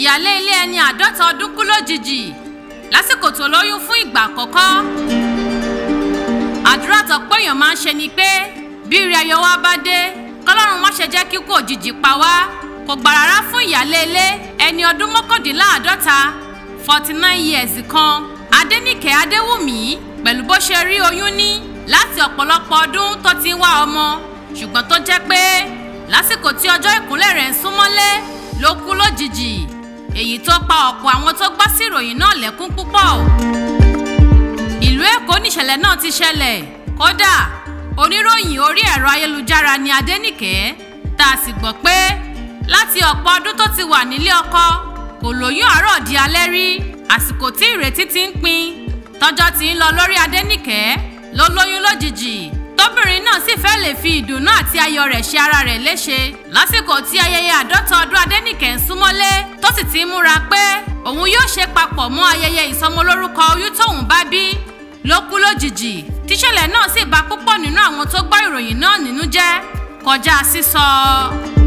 ìyáálé ilé ẹni àádọ́ta ọdún kú lójijì lásìkò tó lóyún fún ìgbà àkọ́kọ́ àdúrà tó péyàn máa ń ṣe ni pé bí ire ayọ̀ wa bá dé kọ́lọ́run má ṣe jẹ́ kíkú òjijì pa wá kò gbà rárá fún ìyáálé ilé ẹni ọdún mọ́kàndínláàádọ́ta forty nine years kan adẹ́nìkẹ́ adéwùmí pẹ̀lú bó ṣe rí oyún ní láti ọ̀pọ̀lọpọ̀ ọdún tó ti ń wá ọmọ ṣùgbọ́n tó jẹ́ pé lásìkò tí ọjọ́ ìkúnlẹ̀ rẹ̀ ń súnmọ́lé ló kú lójijì èyí tó pa ọ̀pọ̀ àwọn tó gbọ́ sí ìròyìn náà lẹ́kún púpọ̀ ìlú èkó nìṣẹ̀lẹ̀ náà ti ṣẹlẹ̀ kódà oníròyìn orí ẹ̀rọ ayélujára ni adẹ́nìkẹ́ tá a sì gbọ́ pé láti ọ̀pọ̀ ọdún tó ti wà nílé ọkọ kò lóyún àárọ̀ di alẹ́ rí àsìkò tí ìrètí ti ń pin tọ́jọ́ ti ń lọ lórí adẹ́nìkẹ́ ló lóyún lójijì tóbìnrin náà sì fẹ́ lè fi ìdùnnú àti ayọ̀ rẹ̀ ṣe ara rẹ̀ léṣe lásìkò tí ayẹyẹ àádọ́ta ọdún Adénìkẹ́ ń súnmọ́lé tó sì ti múra pé òun yóò ṣe papọ̀ mọ́ ayẹyẹ ìsọmọlórúkọ oyún tóun bá bí ló kú lójijì tíṣẹ̀lẹ̀ náà sì bà púpọ̀ nínú àwọn tó gbọ́ ìròyìn náà nínú jẹ́ kọjá sísọ. So.